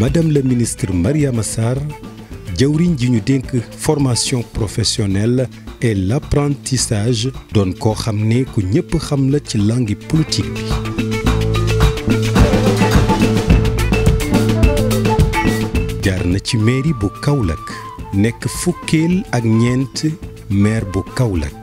Madame la ministre Mariama Sarr jëwriñ ji ñu formation professionnelle et l'apprentissage donne koo xam ne ku ñépp xam la ci langue politique bi jaar na ci mairie bu Kaolack nekk fukkeel ak ñeent maire bu Kaolack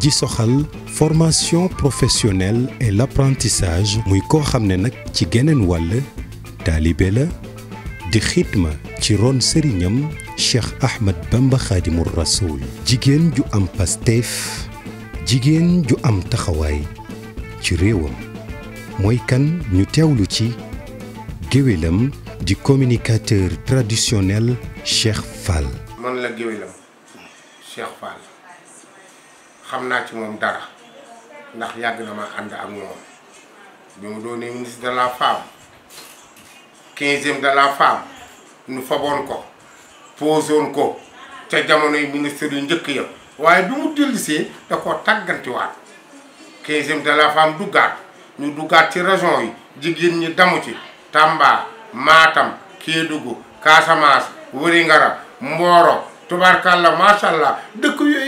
di soxal formation professionnelle et l'apprentissage muy ko xam nak ci geneen wàll talibé la di xitma ci ron sëriñam Cheikh Ahmed Bamba Khadimur Rasoul, jigen ju am pasteef jigen ju am taxaway ci réewam moy kan ñu tewlu ci géwélam di communicateur traditionnel Cheikh Fall man la Cheikh Fall xam naa ci moom dara ndax yàgg na ma ànd ak moom bi mu doonee ministre de la femme quinzième de nu faboon ko posoon ko ca jamonoy ministre yu njëkk ya waaye bi mu dellisee da ko tàggantiwaat quinzième de la duggaat ñu duggaat ci région yi jigéen ñi damu ci Tamba Matam Kédougou Casamance Wëringara Mboro tubaarkalla macha allah dëkk yooyu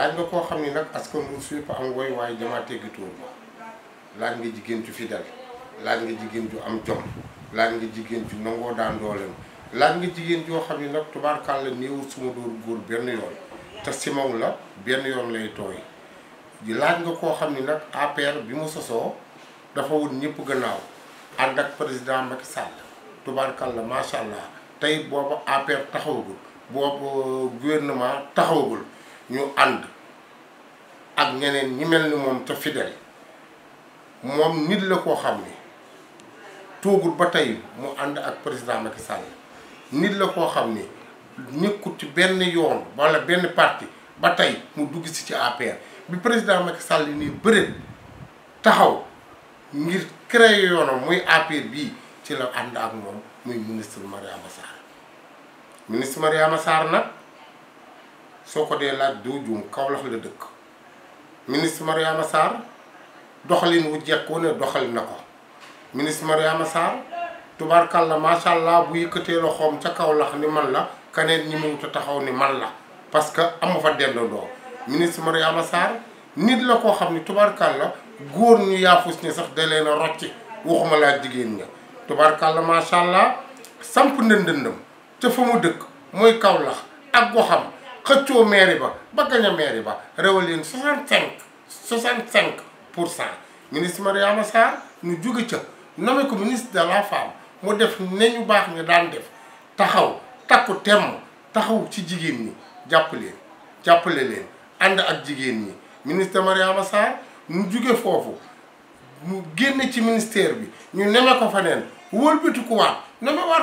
laaj nga koo xam ni nag askan wi suy am woy waaye damaa tegg tuur laaj nga jigéen ju fidèle laaj nga jigéen ju am jom laaj nga jigéen ju nangoo daa dooleem laaj nga jigéen joo xam ni nag tubaarkaan la néewul suma dóor góor benn yoon te simaw la benn yoon lay tooy di laaj nga koo xam ni nag APR bi mu sosoo dafa wut ñëpp gannaaw ànd ak président Macky Sall tubaarkaan la macha tey boobu APR taxawagul boobu gouvernement taxawagul. ñu ànd ak ñeneen ñi mel ni moom ca fidèle moom nit la koo xam ni toogul ba tey mu ànd ak président Macky Sall nit la koo xam ni nekkul ci benn yoon walla benn parti ba tey mu dugg si ci APR bi président Macky Sall ni bëreet taxaw ngir créer yoonam muy APR bii ci la ànd ak moom muy ministre Mariama Sarr ministre Mariama Sarr na soo ko dee laaj doo juum Kaolack la dëkk ministre Mariama Sarr doxalin wu jekku ne doxal na ko ministre Mariama Sarr la macha allah bu yëkkatee loxoom ca Kaolack ni man la kaneen ñi mënut a taxaw ni man la parce que amu fa dendandoo ministre Mariama Sarr nit la koo xam ni tubaarkàlla góor ñu yaafus ñi sax delee leen a rocci waxuma laa jigéen ña tubaarkàlla macha allah samp na ndëndam ca fa mu dëkk mooy Kaolack ak goxam xëccoo mairie ba ba gañ a mairie ba réewal leen 65 cinq pour cent ministre Mariama Sarr ñu juge ca nommé ko ministre de la femme mu def ne ñu baax ñu daan def taxaw takku temm taxaw ci jigéen ñi jàpp jàppale leen ànd ak jigéen ñi ministre Mariama Sarr mu juge foofu mu génne ci ministère bi ñu neme ko fa neen wëlbatiku waat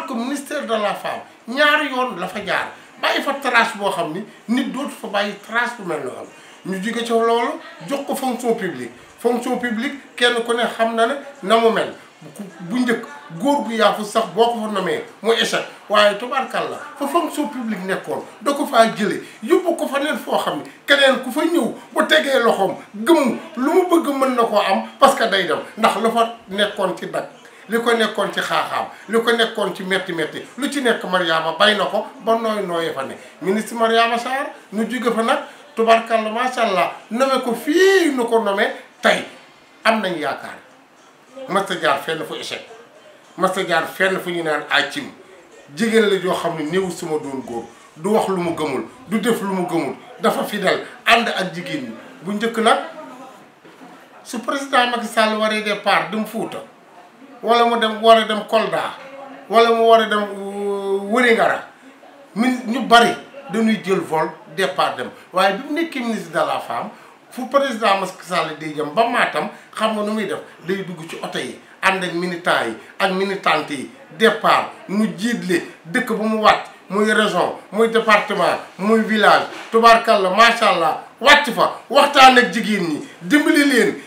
ko ministère de la femme ñaari yoon la fa jaar bàyyi fa trace bo xamni nit doot fa bàyyi trace bu mel noonu ñu jóge ci loolu jox ko fonction publique fonction publique kenn ku ne xam na ne na mu mel bu njëkk góor gu yaafu sax boo ko fa namee mu échec waaye tubaarkàlla fa fonction publique nekkoon da ko faa jëlee yóbbu ko fa neen foo xam ne keneen ku fa ñëw bu tegee loxoom gëm lu mu bëgg mën na koo am parce que day dem ndax la fa nekkoon ci dag li ko nekkoon ci xaaxaam li ko nekkoon ci métti métti lu ci nekk Mariama bay na ko ba nooy nooyee fa ne ministre Mariama Sarr nu jóge fa nag tubarkalla macha allah nome ko fii nu ko nome tey am nañ yaakaar masta jaar fenn fu échec masta jaar fenn fu ñu naan acim jigéen la joo xam ne néew suma doon góor du wax lu mu gëmul du def lu mu gëmul dafa fidèle ànd ak jigéen ñi bu njëkk nag su président Macky Sall waree départ mu Fuuta wala mu dem war a dem Kolda wala mu war a dem euh, Wëringara min ñu bari dañuy jël vol départ dem waaye bi mu nekkee ministre de la femme fu président Macky Sall day jëm ba Matam xam nga nu muy def day dugg ci oto yi ànd ak militant yi ak militante yi départ mu jiitle dëkk bu mu wàcc muy région muy département muy village tubaarkalla macha allah wàcc fa waxtaan ak jigéen ñi dimbali leen.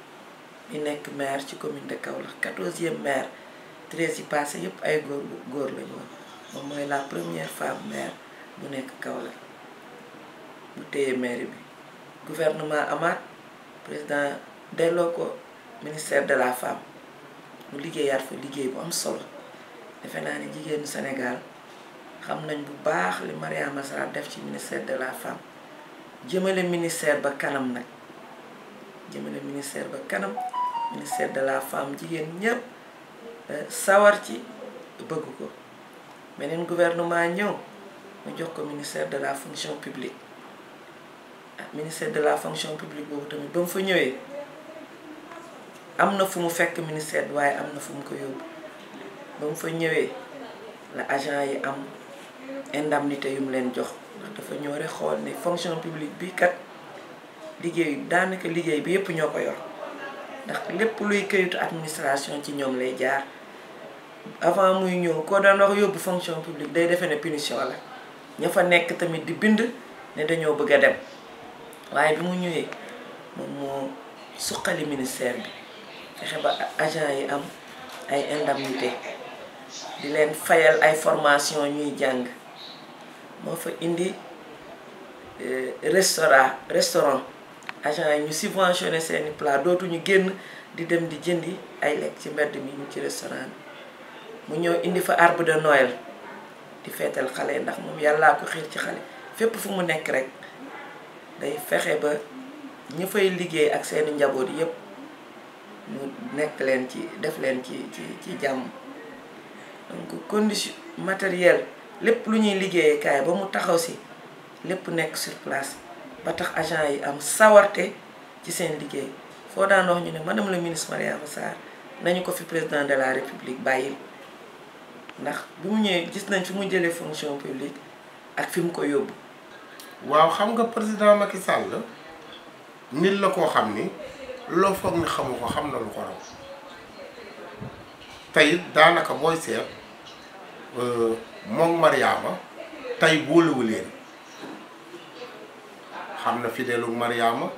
mi nekk maire ci commune de Kaolack quatorzième maire treize yi passé yëpp ay góor góor lañu ñu moom mooy la première femme maire bu nekk Kaolack bu téye maire bi gouvernement amaat président delloo ko ministère de la femme mu liggéeyaat fa liggéey bu am sol defe naa ne jigéenu Sénégal xam nañ bu baax li Mariama Sarr def ci ministère de la femme jëmale ministère ba kanam nag jëmale ministère ba kanam ministère de la femme jigéen ñëpp euh, sawar ci bëgg ko beneen gouvernement ñëw mu jox ko ministère de la fonction publique ah, ministère de la fonction publique boobu tamit ba mu fa ñëwee am na fu mu fekk ministère bi waaye am na fu mu ko yóbbu ba mu fa ñëwee la agent yi am indemnité yu mu leen jox ndax dafa ñëw rek xool ni fonction publique bi kat liggéey daanaka liggéey bi yépp ñoo ko yor ndax lépp luy këyitu administration ci ñoom lay jaar avant muy ñëw koo daan wax yóbbu fonction publique day defe ne punition la ñoo fa nekk tamit di bind ne dañoo bëgg a dem waaye bi mu ñëwee moom moo suqali ministère bi fexe ba agent yi am ay indemnité di leen fayal ay formation ñuy jàng moo fa indi euh, restaurant restaurant agent yi ñu subventionné seen i plat dootuñu génn di dem di jëndi ay lekk ci mbedd mi ñu ci restaurant mu ñëw indi fa arbre de Noël di feetal xale yi ndax moom yàllaa ko xiir ci xale fépp fu mu nekk rek day fexe ba ñu fay liggéey ak seeni njaboot yépp mu nekk leen ci def leen ci ci ci jàmm condition matériel lépp lu ñuy liggéeyee ba mu taxaw si lépp nekk sur place ba tax agent yi am sawarte ci seen liggéey foo daan wax ñu ne madame la ministre Mariama Sarr nañu ko fi président de la république bàyyil ndax bu mu ñëwee gis nañ fi mu jëlee fonction publique ak fi mu ko yóbbu. waaw xam nga président Macky Sall nit la koo xam ni loo foog ni xamu ko xam na lu ko raw tey daanaka booy seet euh, moom Mariama tey boolewuleen. xam na fidelu Mariama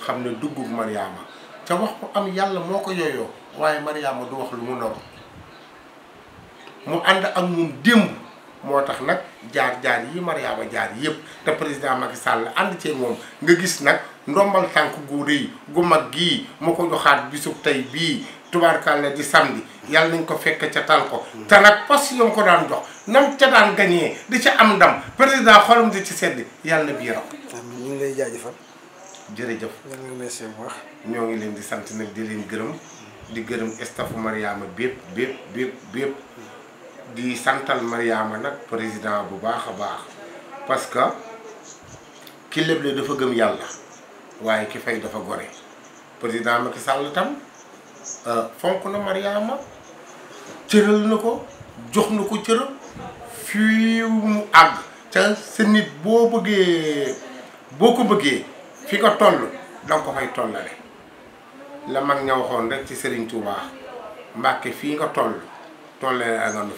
xam na duggub Mariama ca wax bu am yàlla moo ko yooyoo waaye Mariama du wax lu mu noru mu ànd ak ñun démb moo tax nag jaar-jaar yi Mariama jaar yëpp te président Macky Sall ànd cee moom nga gis nag ndombal tànk gu rëy gu mag gii mu ko joxaat bisub tey bii tubaarkàlla di samedi yàlla nañ ko fekk ca tal ko te nag poste yom ko daan jox nam ca daan gañee di ca am ndam président xolam di ci sedd yàlla na ngi lay jaajëfal. jërëjëf. ñu ngi lay ñoo ngi leen di sant nag di leen gërëm. di gërëm stafu Mariama bépp bépp bépp bépp. di santal Mariama nag président bu baax a baax parce que ki léble dafa gëm yàlla waaye ki fay dafa gore président Macky Sall tam euh, fonk na Mariama cëral na ko jox na ko cëral fii mu àgg ca sa nit boo bëggee. boo ko bëggee fi ko toll da nga ko fay tollale la mag ña waxoon rek ci Serigne Touba Mbàkke fii nga toll tollale nga nu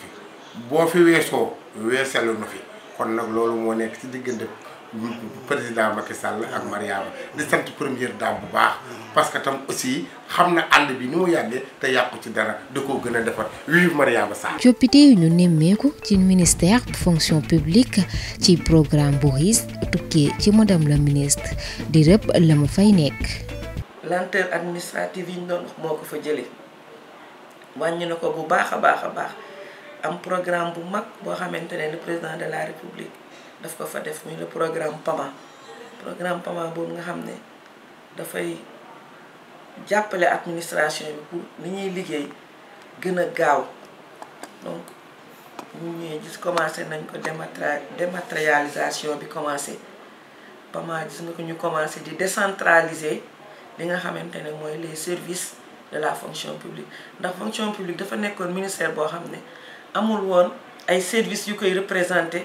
boo fi weesoo weesalu nu kon nag loolu moo nekk ci diggante bu président Macky Sall ak Mariama di sante première dame bu baax parce que tam aussi xamna and bi ni mu yàggee te yàqu ci dara de ko gëna a vive Mariama Sall ciopité yu ñu nemmeeku ci ministère bu fonction publique ci programme Boris Tuké ci madame la ministre di rëbb la mu fay nekk lenteur administrative yi ñu doon fa jëlé wàññi nako bu baaxa a baax am programme bu mag bo xamante le président de la république daf ko fa def muy le programme PAMA programme PAMA boobu nga xam ne dafay jàppale administration bi pour li ñuy liggéey gën a gaaw donc ñu ñëwee gis commencé nañ ko dématérialisation bi commencé PAMA gis nga ko ñu commencé di décentraliser li nga xamante ne mooy les services de la fonction publique ndax fonction publique dafa nekkoon ministère boo xam ne amul woon ay services yu koy représenter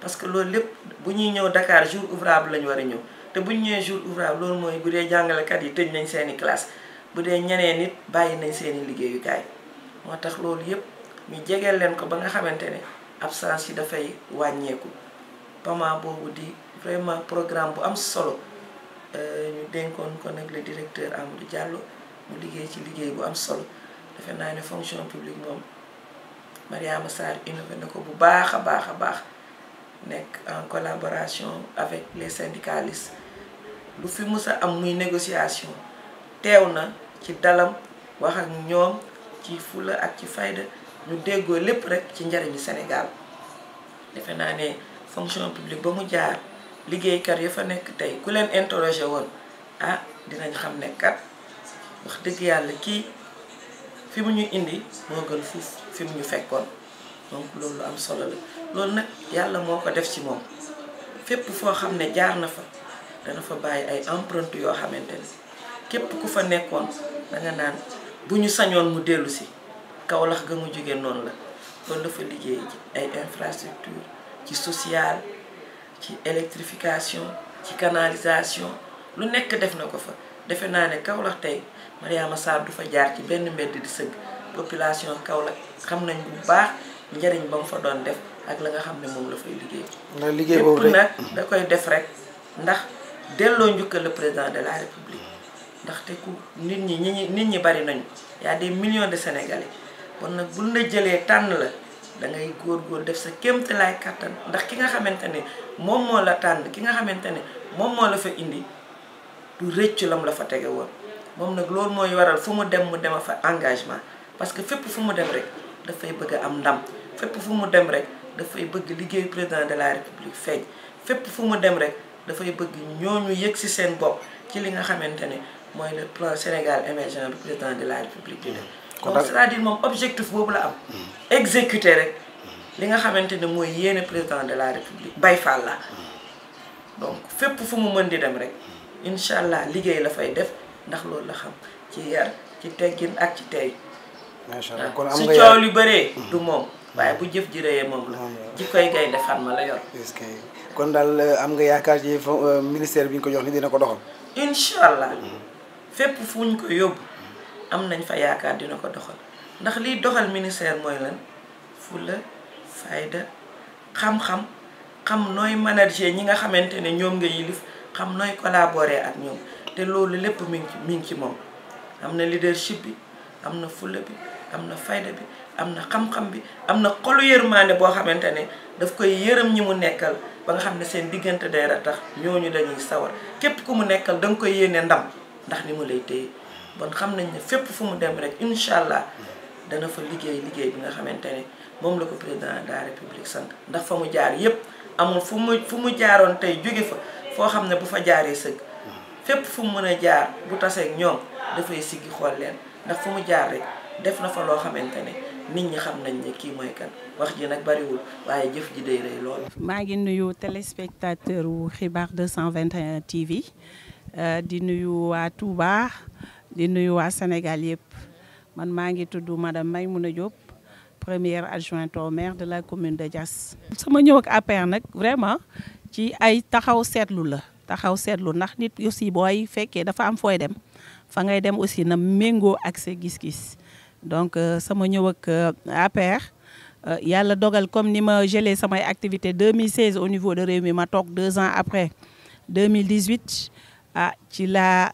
parce que loolu lépp bu ñuy ñëw Dakar jour ouvrable lañu war a ñëw te bu ñu ñëwee jour ouvrable loolu mooy bu dee jàngalekat yi tëj nañ seeni classe bu dee ñeneen nit bàyyi nañ seeni liggéeyukaay moo tax loolu yépp ñu jegeel leen ko ba nga xamante ne absence yi dafay wàññeeku PAMA boobu di vraiment programme bu am solo euh, ñu dénkoon ko nag le directeur Amadou jàll mu liggéey ci liggéey bu am solo defe naa ne fonction publique moom Mariama Sarr innové ko bu baax a baax a baax nek en collaboration avec les syndicalistes lu fi musa am muy négociation téwna ci dalam wax ak ñom ci fula ak ci fayda ñu déggo lépp rek ci njariñu Sénégal defe naa ne fonction publique ba mu jaar liggéeykat ya fa nekk tey ku leen interroger woon ah dinañ xam ne kat wax dëgg yàlla kii fi mu ñu indi moo gën fuuf fi mu ñu fekkoon donc loolu am solo la loolu nag yàlla moo ko def ci moom fépp foo xam ne jaar na fa dana fa bàyyi ay empreinte yoo xamante ne képp ku fa nekkoon danga naan bu ñu sañoon mu dellu si Kawlax ga mu jóge noonu la loolu dafa liggéey ci ay infrastructure ci social ci électrification ci canalisation lu nekk def na ko fa defe naa ne Kaolack tey Mariama Sarr du fa jaar ci benn mbedd di sëgg population Kaolack xam nañ bu baax njëriñ ba mu fa doon def ak la nga xam ne moom la fay liggéey. ndax liggéey boobu rek nag da koy def rek ndax delloo njukkal le président de la république. ndaxte ku nit ñi ñi nit ñi bari nañu y a million de sénégalais kon nag bu la jëlee tànn la da góor góorgóor def sa kéemtalaay kàttan ndax ki nga xamante ne moom moo la tànn ki nga xamante ne moom moo la fa indi du rëccu lam la fa tege woon. moom nag loolu mooy waral fu mu dem mu a fa engagement parce que fépp fu mu dem rek dafay bëgg a am ndam mu dem rek. dafay bëgg liggéey président de la république feeñ fépp fu mu dem rek dafay bëgg ñooñu yëg si seen bopp ci li nga xamante ne mooy le plan Sénégal émergent bi président de la république di def mm-hmm. donc c'est-à-dire moom objectif boobu la am mm-hmm. exécuter rek li nga xamante ne mooy yéene président de la république bay faal la mm-hmm. donc fépp fu mu mën di dem rek incha allah liggéey la fay def ndax loolu la xam ci yar ci teggin ak ci tey macha ah, kon am nga su coow lu bëree du moom waaye bu jëf ji réyee moom la ah, ji koy gaynde Fatma la yor kon daal euh, am nga yaakaar ci euh, ministère bi ñu ko jox ni dina ko doxal incha allah mm-hmm. fépp fu ñu ko yóbbu am nañ fa yaakaar dina ko doxal ndax liy doxal ministère mooy lan fulla fayda xam-xam xam nooy manager ñi nga xamante ne ñoom nga yilif xam nooy collaborer ak ñoom te loolu lépp mi ngi mi ngi ci moom am na leadership bi am na fulla bi am na fayda bi am na xam-xam bi am na xolu yërmaande boo xamante ne daf koy yërëm ñi mu nekkal ba nga xam ne seen diggante day ratax ñooñu dañuy sawar képp ku mu nekkal da nga koy yéene ndam ndax ni mu lay téye xam nañ ne fépp fu mu dem rek incha allah dana fa liggéey liggéey bi nga xamante ne moom la ko président de la république sant fa mu jaar yépp amul fu mu fu mu jaaroon tey jóge fa foo xam ne bu fa jaaree sëgg fépp fu mu mën a jaar bu taseeg ñoom dafay siggi xool leen ndax fu mu jaar rek def na fa loo xamante ne nit ñi xam nañ kan wax ji jëf ji lool. ngi nuyu téléspectateur wu 221 TV euh, di nuyu Touba di nuyu Sénégal man ngi madame Diop première adjointe au maire de la commune de Dias. sama ñëw ak vraiment ci ay taxaw seetlu la taxaw seetlu ndax nit aussi booy fekkee dafa am fooy dem fa ngay dem aussi na méngoo ak sa gis donc euh, sama ñëw ak euh, APR euh, yalla dogal comme ni ma gelé samay activité 2016 au niveau de Rewmi ma tok deux ans après 2018 à ah, ci la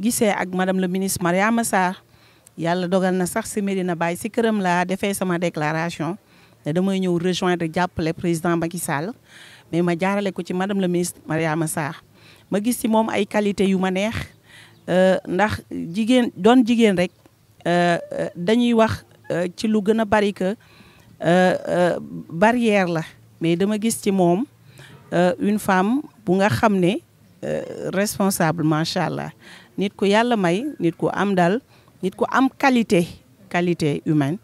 gisee ak madame le ministre Mariama Sarr yalla dogal na sax si Medina Baye si këram laa defee sama déclaration ne damay ñëw rejoindre le président Macky Sall mais ma jaralé ko ci madame le ministre Mariama Sarr ma gis ci mom ay qualités yu ma neex ndax jigen don jigen rek euh, euh, dañuy wax euh, ci lu gëna a bari que barrière la mais dama gis ci moom une femme bu nga xamné responsable machallah nit ko yalla may nit ko am dal nit ko am qualité qualité humaine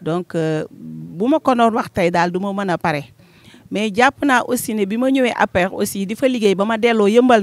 donc buma ko noon wax tay dal duma mëna paré a mais japp na aussi ne bima ñëwé ñëwee aussi difa liggéey bama délo yëmbal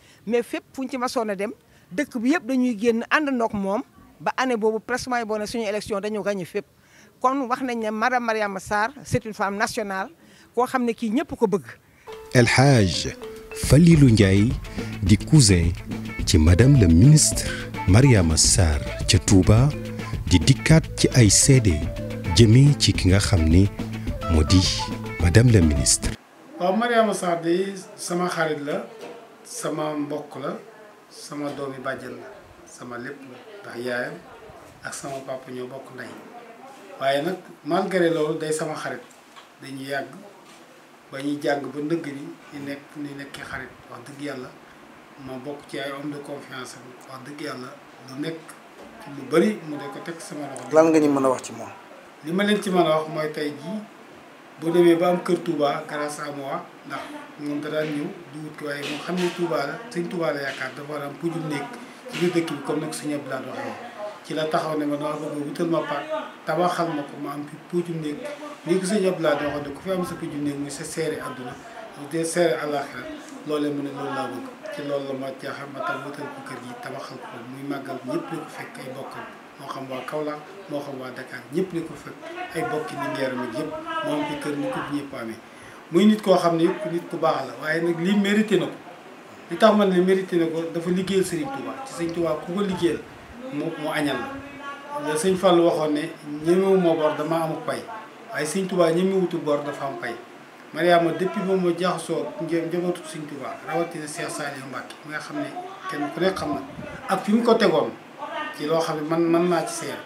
mais fépp fu ñu ci ma a dem dëkk bi yëpp dañuy génn àndandoog moom ba année boobu pratiquement yi boo suñu élection dañoo gagné fépp kon wax nañ ne madame Mariama Sarr c'est une femme nationale koo xam ne kii ñëpp ko bëgg fa Hadj Falilou Ndiaye di cousin ci madame le ministre Mariama Sarr ca Touba di dikkaat ci ay seede jëmee ci ki nga xam ni moo di madame le ministre waaw Mariama Sarr day sama xarit la sama mbokk la sama doomi bàjjen la sama lépp la ndax yaayam ak sama papa ñoo bokk ndey waaye nag malgré loolu day sama xarit dañuy yàgg ba ñuy jàng ba ndëgg ni ñu nekk ñu nekki xarit wax dëgg yàlla ma bokk ci ay homme de confiance am wax dëgg yàlla lu nekk lu bari mu de ko teg sama loxo. lan nga ñu mën a wax ci moom. li ma leen ci mën a wax mooy tey jii. boo demee ba am kër Touba grâce à moi ndax moom da daan ñëw di wut waaye moom xam ne Touba la sëñ Touba la yaakaar dafa war a am pour ñu nekk ci ci la taxaw ne ma dama bëgg wutal ma ko ma am pour ñu nekk nii ko sëñ Abdou Lahad waxoon ne ku fi am sa pour ñu nekk sa seere àdduna de seere àllaaxira loolee mu ne loolu laa bëgg ci loolu la ma jaaxal ma tam wutal ko kër gi tabaxal ko muy màggal ñëpp la ko fekk ay bokkam mo xam wa Kaolack mo xam wa Dakar ñepp ni ko fekk ay bokk ni ngeeram ak yëpp moo am ko kër ni ko ñepp amé muy nit ko xamni ku nit ku baax la waye nak li mérité nako li tax man ni mérité nako dafa liggéeyal Serigne Touba ci Serigne Touba ku ko liggéeyal mo mo añal la Serigne Fallou waxoon ne ñemewu mo bor dama am ak pay waaye Serigne Touba wutu bor dafa am pay Mariama depuis mo ma jaaxasoo ngeen jëmatu Serigne Touba rawatina Cheikh Saliou mbacke nga xam kenn ku rek xam na ak fi mu ko tegoon ci loo xam ne man man naa ci seer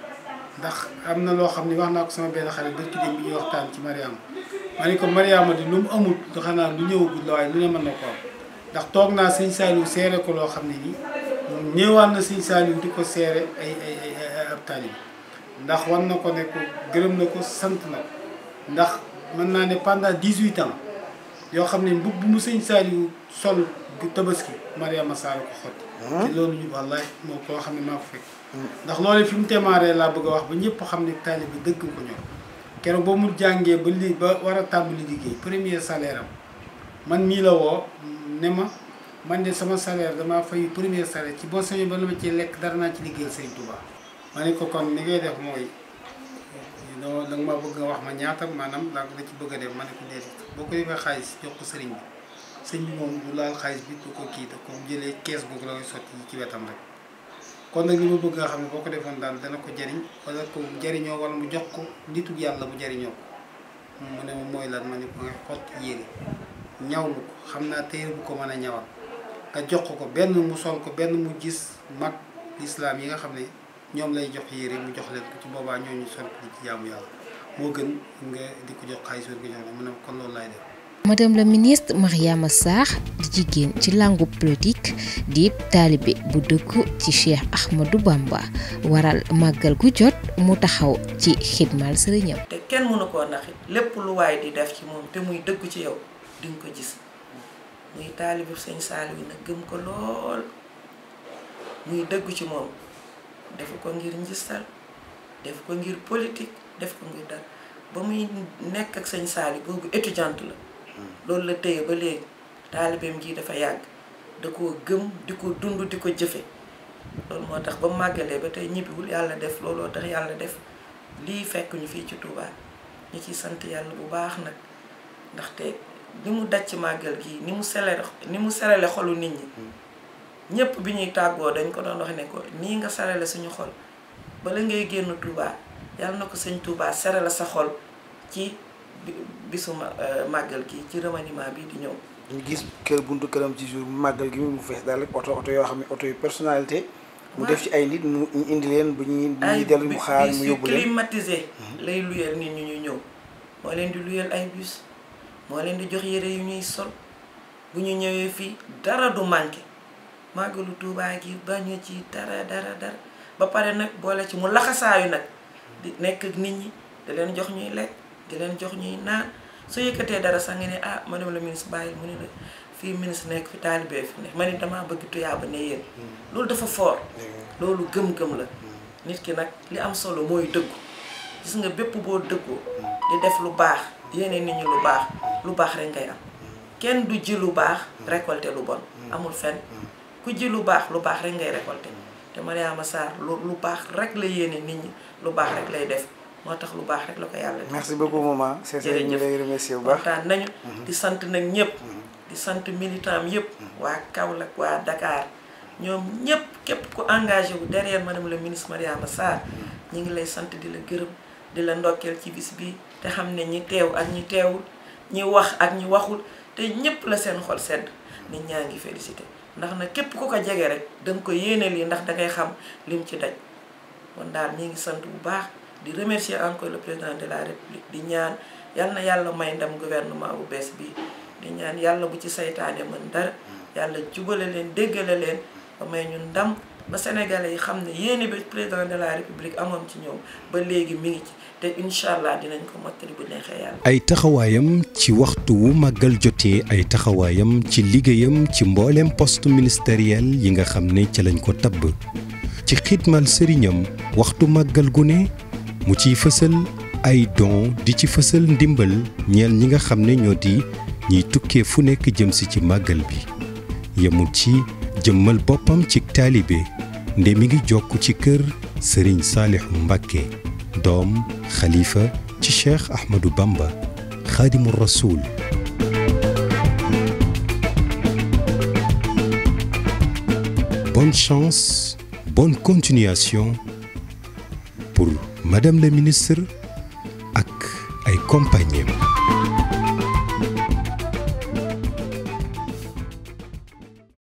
ndax am na loo xam ne wax naa ko sama benn xarit bërki dem bi ñuy ci Mariama ma ne ko Mariama di lu mu amul nga xanaa lu ñëwagul la waaye lu ne mën na ko am ndax toog naa sëñ Saliou seere ko loo xam ne nii moom ñëwaan na sëñ Saliou di ko seere ay ay ay ab taalib ndax wan na ko ne gërëm na ko sant na ndax mën naa ne pendant 18 ans yoo xam ne mbubb bu mu sëñ Saliou sol tabaski Mariama Sall ko xotti hmm? te ndax loole fi mu témaré laa bëgg a wax ba ñëpp xam ne taalib bi dëgg ko ñor keroog ba mu jàngee ba li ba war a tàmbali liggéey premier salaire man mii la woo ne ma man de sama salaire damaa fay premier salaire ci boo sañoon ba la ma ci lekk dara naa ci liggéeyal Sëñ Tuubaa ma ne ko kon li ngay def mooy non da nga ma bëgg a wax ma ñaata maanaam da nga ci bëgg def ma boo ko defee xaalis jox bi sëñ bi moom du laal xaalis bi du ko kii te comme jëlee kees googu la koy sotti ci wetam rek. kon nag li ma bëgg nga xam ne boo ko defoon daal dana ko jariñ wala ko jariñoo wala mu jox ko nitu yàlla bu jariñoo ko mu ne ma mooy lan ma ne ko nga xot yére ñaw mu ko xam naa téere bu ko man a ñawal nga jox ko benn mu sol ko benn mu gis mag lislaam yi nga xam ne ñoom lay jox yére mu jox leen ko ci boobaa ñooñu sol ko ci jaamu yàlla moo gën nga di ko jox xaalis wér ko jox mu ne kon loolu laay def madame la ministre Mariama Sarr di jigéen ci langu politique di taalibe bu dëkk ci Cheikh Ahmadou Bamba waral màggal gu jot mu taxaw ci xidmal sëriñam te kenn mënu koo naxi lépp lu waay di def ci moom te muy dëgg ci yow di ko gis muy taalibe sëñ Saaliw nag gëm ko lool muy dëgg ci moom def ko ngir njistal def ko ngir politique def ko ngir dal ba muy nekk ak sëñ Saaliw googu étudiante la loolu la téye ba léegi taalibeem ji dafa yàgg da koo gëm di ko dund di ko jëfe loolu moo tax ba mu màggalee ba tey ñibbiwul yàlla def looloo tax yàlla def lii fekk ñu fii ci Touba ñu ci sant yàlla bu baax nag ndaxte ni mu daj ci màggal gii ni mu selale ni mu selale xolu nit ñi hmm. ñépp bi ñuy tàggoo dañ ko doon wax ko nii nga selale suñu xol bala ngay génn Touba yàlla na ko sëñ Touba serale sa xol ci bisu euh, màggal gi ci remaniement bi di ñëw. ñu gis kër buntu këram ci jour màggal gi mu fees daal oto oto yoo xam ne oto yu personnalité. mu def ci ay nit mu ñu indi leen ba ñuy. ñuy mu xaar mhm. moo leen di luyal ay yu ñuy sol bu ñu ñëwee fii dara du manqué màggalu Tuubaa gi bañu ci dara dara dara ba pare nag boole ci mu laxasaayu nag di nekk nit ñi di leen jox ñuy lekk di leen jox ñuy naan. su yëkkatee dara sax nga ne ah madame la ministre bàyyi mu ne la fii ministre nekk fi taalibee fi ne ma ne damaa bëgg tuyaaba ne yéen mm. loolu dafa fort loolu gëm-gëm la mm. nit ki nag li am solo mooy dëggu gis nga bépp boo dëggoo mm. di def lu baax yéene nit ñi lu baax lu baax rek ngay am kenn du ji lu baax récolter lu bon amul fenn ku ji lu baax lu baax rek ngay récolter te Mariama Sarr lu lu baax rek la yéene nit ñi lu baax rek lay def motax lu bax rek lako yalla merci beaucoup maman. c'est jërëjëf ñu lay remercier bu baax tan nañu. Mhm. di sante nak ñepp mhm. di sante militant yépp mhm. wa Kaolack wa Dakar. ñom ñepp képp ku engagé wu derrière madame le ministre Mariama Sarr ñi ngi lay sante di la gërëm di la ndokkel ci bis bi te xam ñi teew ak ñi teewul ñi wax ak ñi waxul te ñepp la seen xol sedd ni ñaa féliciter ndax na képp ku ko jégué rek da ko yéene lii ndax da ngay xam lim ci daj won daal ñi ngi sante bu baax di remercier encore le président de la république di ñaan yalla yalla may ndam gouvernement bu bes bi di ñaan yalla bu ci saytane man dara yalla jubale len déggale len may ñun ndam ba sénégalais yi xamné ne yéene bi président de la république amoon ci ñoom ba légui mi ngi ci té inshallah dinañ ko motali bu neexee yalla ay taxawayam ci waxtu wu magal jotee ay taxawayam ci ligéyam ci mbolém poste ministériel yi nga xamné ci lañ ko tab ci xitmal serignam waxtu magal gu mu ciy fësal ay don di ci fësal ndimbal ñeel ñi nga xam ne ñoo di ñiy tukkee fu nekk jëm si ci màggal bi yemul ci jëmmal boppam ci taalibe nde mi ngi jokk ci kër sëriñ saalihu mbàkke doom xalifa ci cheikh ahmadou bamba xaadimu rasul bonne chance bonne continuation pour madame la ministre ak ay compagnie